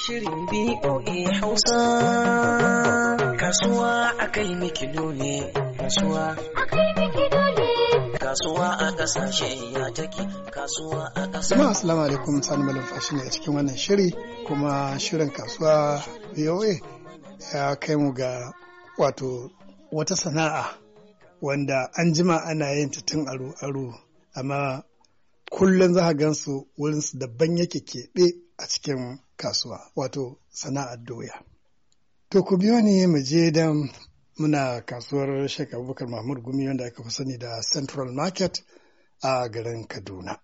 Shirin BOA Hausa. Kasuwa a kai miki ne. Kasuwa a kai ne. Kasuwa a kasashe ya take. Kasuwa a kasashe. Jama'a assalamu alaikum sani Fashi ne a cikin wannan shiri kuma shirin kasuwa BOA ya kai mu ga wato wata sana'a wanda an jima ana yin ta tun aro-aro amma kullum za a gansu wurinsu daban yake keɓe a cikin kasuwa wato sana'ar doya. To ku biyo ni mu je dan muna kasuwar Sheikh Abubakar Mahmud Gumi wanda aka fi sani da Central Market a garin Kaduna.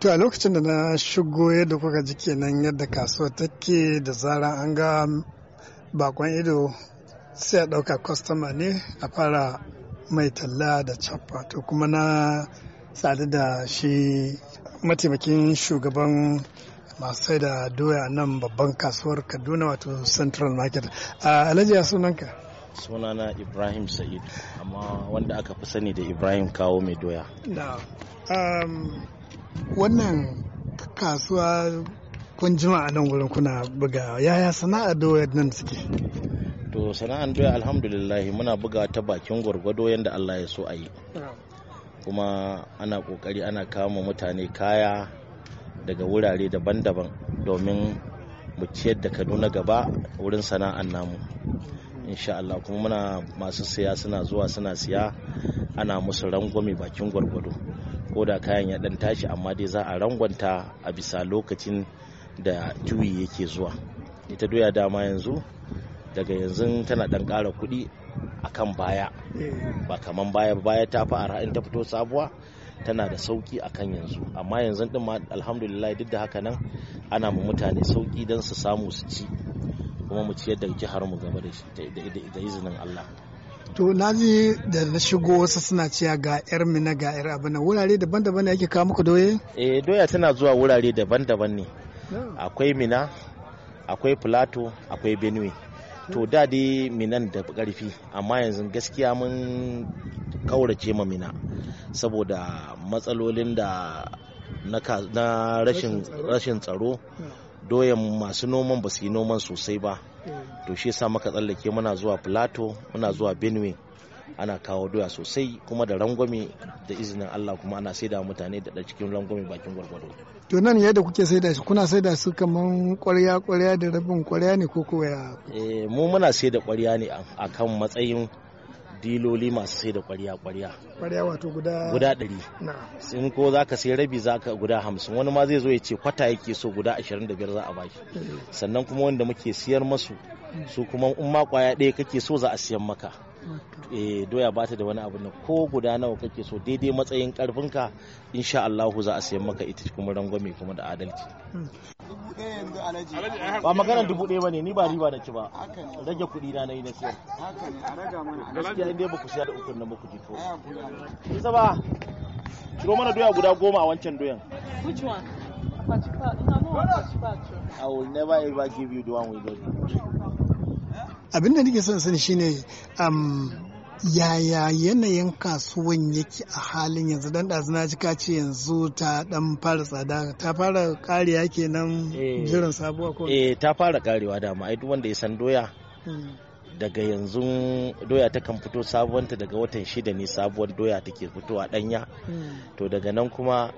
To a lokacin da na shigo yadda kuka ji kenan yadda kasuwa take da zara an ga bakon ido sai a ɗauka kwastama ne a fara mai talla da cappa to kuma na sadu da shi mataimakin shugaban masu sai da doya nan babban kasuwar kaduna wato central market a alhaji ya sunanka sunana ibrahim sa'id amma wanda aka fi sani da ibrahim kawo mai doya um, wannan kasuwa kun jima a nan wurin kuna buga yaya sana'a doya nan suke to sana'an doya alhamdulillah muna buga ta bakin gwargwado yadda allah ya so a yi kuma ana kokari ana kama mutane kaya daga wurare daban-daban domin mu ciyar da kaduna gaba wurin sana'an namu insha allah kuma muna masu siya suna zuwa suna siya ana musu rangwame bakin gwargwado ko da kayan ya dan tashi amma dai za a rangwanta a bisa lokacin da juyi yake zuwa ita doya dama yanzu daga yanzu tana dan ƙara kuɗi kan baya eh. ba kaman baya baya ta fi arha in ta fito sabuwa tana da sauki kan yanzu amma yanzu din ma alhamdulillah duk da haka nan ana ma mutane sauki don su samu su ci kuma mu ciyar da jihar mu game da izinin Allah to na ji da na shigo wasu suna cewa ga yar mina ga yar abin wurare daban-daban ne ake kawo muku doye eh doya tana zuwa wurare daban-daban ne oh. akwai mina akwai plateau akwai benue to da dai minan da karfi amma yanzu gaskiya mun kaurace ma mina saboda matsalolin da na rashin tsaro hmm. doyan masu noman ba su yi noman sosai ba hmm. to shi sa muka tsallake muna zuwa plateau muna zuwa benue ana kawo doya sosai kuma da rangwame da izinin Allah kuma ana saida wa mutane da cikin rangwame bakin gwargwado. To nan yadda kuke saida shi kuna saida su kaman kwarya kwarya da rabin kwarya ne ko koya? Eh mu muna saida kwarya ne akan matsayin diloli masu saida da kwarya kwarya kwarya wato guda guda ɗari in ko za ka sai rabi za ka guda hamsin wani ma zai zo ya ce kwata yake so guda ashirin da biyar za a baki eh. sannan kuma wanda muke siyar masu su kuma in ma kwaya ɗaya kake so za a siyan maka e doya ba ta da wani abu na ko guda nawa kake so daidai matsayin karfinka insha Allah za a siyan maka ita kuma rangwame kuma da adalci hmm. ba maganar dubu ɗaya bane ni ba riba da ki ba rage kuɗi na nayi na siyar gaskiya inda ba ku siya da ukun na ba ku ji to isa ba ciro mana doya guda goma a wancan doyan which one I will never ever give you the one we don't. abin da nake son sani shine yaya yanayin kasuwan yake a halin yanzu dan ɗazuna ji ka ce yanzu ta dan fara tsada ta fara kariya kenan eh. jiran sabuwa ko eh ta fara karewa dama ai duk wanda ya san doya hmm. daga yanzu doya ta kan fito sabuwanta daga watan shida ne sabuwar doya take fitowa danya hmm. to daga nan kuma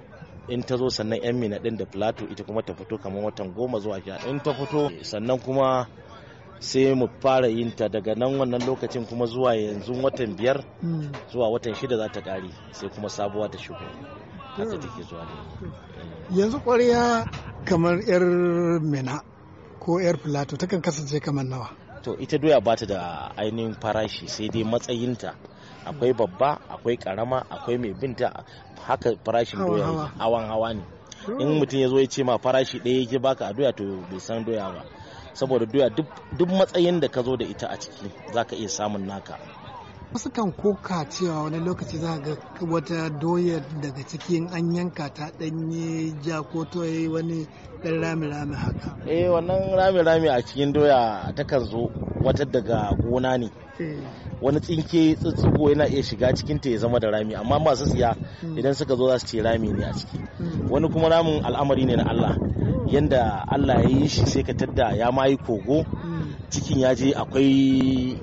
in ta zo sannan yan mina din da plato ita kuma ta fito kamar watan goma zuwa sha in ta fito sannan kuma sai mu fara yin ta daga nan wannan lokacin kuma zuwa yanzu watan biyar hmm. zuwa watan shida za ta ƙare sai kuma sabuwa ta shigo haka hmm. take zuwa hmm. yanzu ƙwarya kamar 'yar mina ko 'yar filato takan kasance kamar nawa to ita doya ba ta da ainihin farashi sai dai matsayinta akwai babba akwai karama akwai mai binta haka farashin doya hawan hawa ne in mutum ya zo ya ce ma farashi ɗaya yake baka a doya to bai san doya ba saboda doya duk matsayin da ka zo da ita a ciki za ka iya samun naka wasu kan koka cewa wani lokaci za ga wata doya daga cikin an yanka ta danye ja ko toye wani dan rami-rami haka eh wannan rami-rami a cikin doya takan zo wata daga gona ne eh. wani tsinke tsitsugo yana iya shiga cikin ta ya zama da rami amma masu siya hmm. idan suka zo za su ce rami ne a ciki hmm. wani kuma ramin al'amari ne na Allah yadda Allah ya yi shi sai ka tadda ya ma yi kogo cikin ya je akwai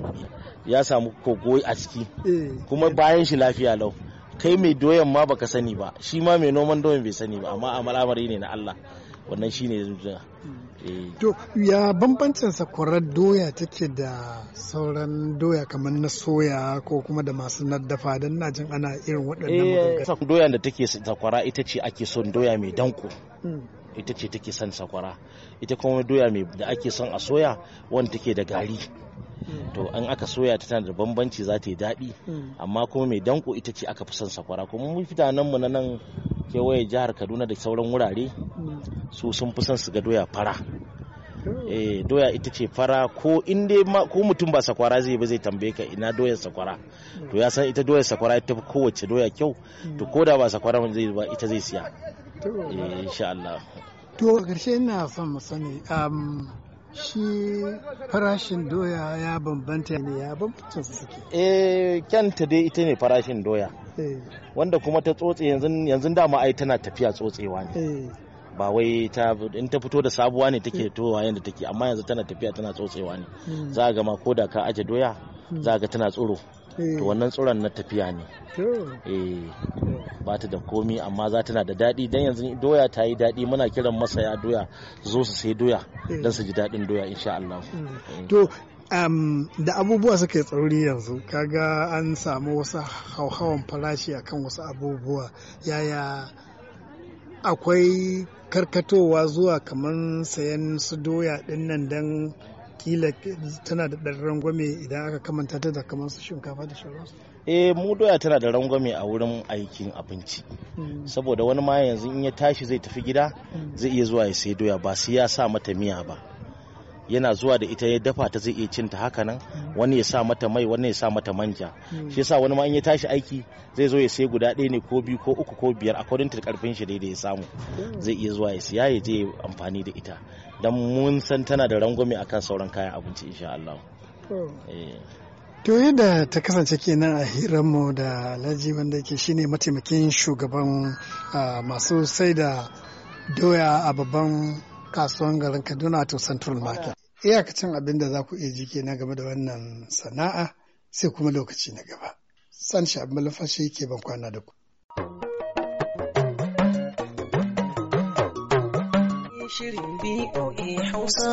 ya samu kogo a ciki eh. kuma bayan shi lafiya lau kai mai doyan ma baka sani ba shi ma mai noman doyan bai sani ba amma al'amari ne na Allah wannan shine zuciya eh. to ya bambancin sakwarar doya take da sauran doya kamar na soya ko kuma da masu dafa don na jin ana irin waɗannan eh, doya da take sakwara ita ce ake son doya mai danko hmm. ita ce take son sakwara ita kuma doya mai da ake son a soya wanda take da gari hmm. to an aka soya ta tana da bambanci za ta yi daɗi hmm. amma kuma mai danko ita ce aka fi son sakwara kuma mun fita nan mu na nan kewaye jihar kaduna da sauran wurare hmm. su sun fi son su ga doya fara eh doya ita ce fara ko in dai ko mutum ba sakwara zai ba zai tambaye ka ina doyar sakwara to ya san ita doyar sakwara ita kowace doya kyau to ko da ba sakwara zai ba ita zai siya Eh, insha Allah to ƙarshe ina son mu sani um, shi farashin doya ya bambanta ne ya bambanta su suke eh kyanta dai ita ne farashin doya eh. wanda kuma ta tsotse yanzu dama ai tana tafiya tsotsewa ne eh. ba wai ta in ta fito da sabuwa ne take towa yadda take amma yanzu tana tafiya tana tsotsewa ne hmm. za ga ma ko da ka aje doya hmm. za ga tana tsoro Eh. to wannan tsuran na tafiya ne eh. ba ta da komi amma za ta na da daɗi don yanzu doya ta yi daɗi muna kiran masaya doya zo su sai doya eh. don su ji daɗin doya insha Allah mm. to da abubuwa suka yi tsauri yanzu kaga an samu wasu hauhawan farashi akan wasu abubuwa yaya akwai karkatowa zuwa kamar sayan su doya dinnan nan don kila tana da ɗan rangwame idan aka kamanta ta da kamar su shinkafa da sauransu eh mu doya tana da rangwame a wurin aikin abinci hmm. saboda wani ma yanzu in ya tashi zai tafi gida hmm. zai iya zuwa ya sai doya ba sai ya sa mata miya ba yana zuwa da ita ya dafa ta zai iya cinta haka nan hmm. wani ya sa mata mai wani ya sa mata manja hmm. shi yasa wani ma in ya tashi aiki zai zo ya sai guda ɗaya ne ko biyu ko uku ko biyar a kodin karfin shi da ya samu hmm. zai iya zuwa ya siya ya je amfani da ita dan mun san tana da rangwame akan sauran kayan abinci insha Allah To eh. yadda ta kasance kenan a hiranmu da Alhaji wanda ke shine mataimakin shugaban masu sai da doya a babban kasuwan garin Kaduna to Central Market. iyakacin abin da za ku iya jike na game da wannan sana'a sai kuma lokaci na gaba. San shi abin malafashi ke ban kwana da ku. Shirin BOA Hausa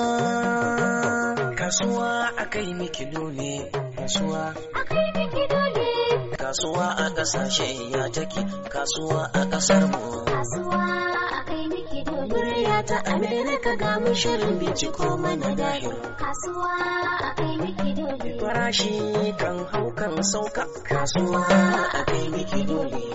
Kasuwa akai miki dole Kasuwa akai miki dole kasuwa a kasashe ya take kasuwa a kasar mu kasuwa a kai murya ta amerika ga mu shirin binciko mana dahil kasuwa a kai dole farashi kan hau kan sauka kasuwa a kai dole